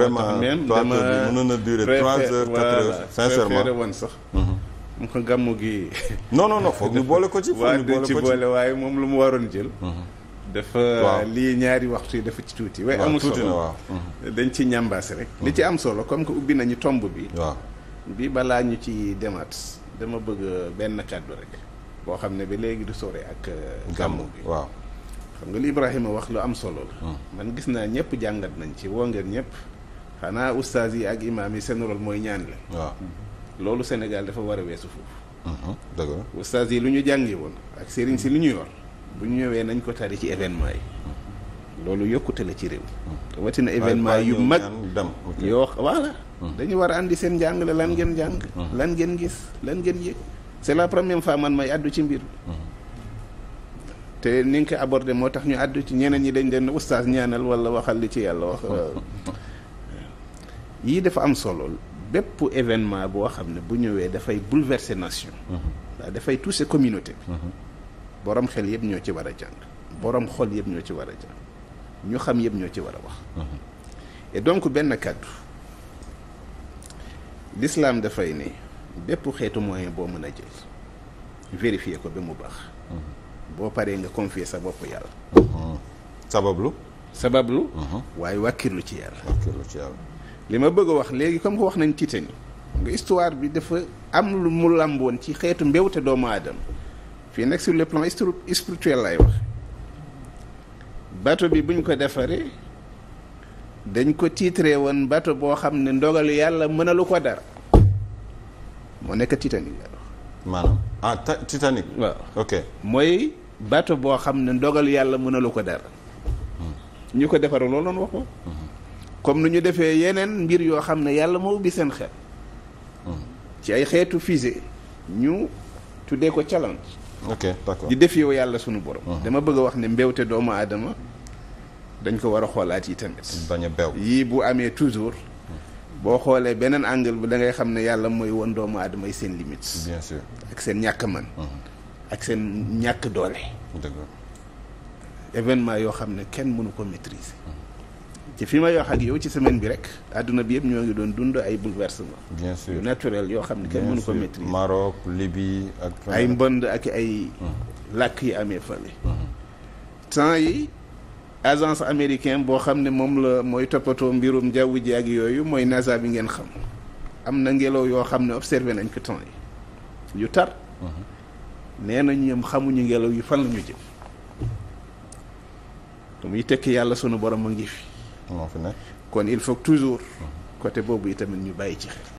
vraiment dama mënoon na durer trois heures quatre heures sincèrement woon sax mhm. mu ko gàmmu gi non non non foog ñu boole ko ci foog ñu boole ko ci boole waaye moom lu mu waroon jël mhm. dafa lii ñaari waxtu yi dafa ci tuuti waaye amul solo mhm. dañ ci ñambaase rek li ci am solo comme que ubbi nañu tomb bi waaw bi balaa ñu ci demaat dama bëgg benn kàddu rek boo xam ne bi léegi du sore ak euh, gàmmu gi waaw xam nga li Ibrahima wax lu am solo la man gis naa ñëpp jàngat nañ ci woo ngeen ñëpp xanaa ustaas yi ak imaam yi seen rôle mooy ñaan la. waaw loolu Sénégal dafa war a weesu foofu. Mhm, dëgg ustaas yi lu ñu jàngi woon ak sëriñ si lu ñuy yor bu ñu ñëwee nañ ko tari ci événement yi. Mhm. loolu yokkute la ci réew. Mhm. rawatina événement yu mag yoo voilà. dañu war a andi seen njàng la lan ngeen jàng. lan ngeen gis lan ngeen yëg. c'est la première fois man may àddu ci mbir te ni nga moo tax ñu àddu ci ñeneen ñi dañ leen ustaas ñaanal walla waxal li ci yàlla wax. Euh, yii dafa am solo bépp événement boo xam ne bu ñëwee dafay bouleverser nation. Mhm. waaw dafay toucher communauté bi. Mhm. borom xel yëpp ñoo ci war a jàng. boroom xol yëpp ñoo ci war a jàng ñu xam yëpp ñoo ci war a wax. Mhm. et donc benn kàddu l'islam dafay ne bépp xeetu moyen boo mën a jël vérifier ko ba mu baax. boo paree nga confier sa bopp yàlla. sabablu. sabablu. waaye wàkkirlu lu ci yàlla. li ma bëgg wax léegi comme ko wax nañ tiitan yi nga histoire bi dafa am lu mu làmboon ci xeetu mbéwte doomu aadama fii nag sur le plan spirituel lay wax bato bi buñ ko defaree dañ ko tiitre woon bato boo xam ne ndogalu yàlla mënalu ko dara moo nekk Titanic la wax maanaam ah mooy bato boo xam ne ndogalu yàlla mënalu ko dara hmm. ñu ko defaru loolu noonu wax comme nu ñu defee yeneen mbir yoo xam ne yàlla moo ubbi seen xel. Hmm. ci ay xeetu fise ñu tuddee ko challenge. ok d'accord di def yow yàlla sunu borom. Hmm. dama bëgg wax ne mbewte doomu aadama dañ ko war a xoolaat yi tamit. bañ a yii bu amee toujours. Hmm. boo xoolee beneen angle bi da ngay xam ne yàlla mooy woon doomu aadama yi seen limites. bien sûr ak seen ñàkk man ak seen ñàkk doole. événement yoo xam ne kenn mënu ko maîtriser. ci fi may wax ak yow ci semaine bi rek àdduna bi yëpp ñoo ngi doon dund ay bouleversement bien yu naturel yoo xam ne kenn mënu ko maîtriser Maroc Libye ak euh, ay mbënd ak ay làkk yi amee fale mm-hmm. temps yi agence américaine boo xam ne moom la mooy toppatoo mbirum jaww ji ak yooyu mooy NASA bi ngeen xam am na ngelaw yoo xam ne observé nañ ko yu tar mm-hmm. nee nañ ñoom xamuñu ngelaw yi fan la ñu jëm te muy tekki yàlla sunu borom a ngi fi moo fi nekk kon il faut toujours mm-hmm. côté boobu itamit ñu bàyyi ci xel.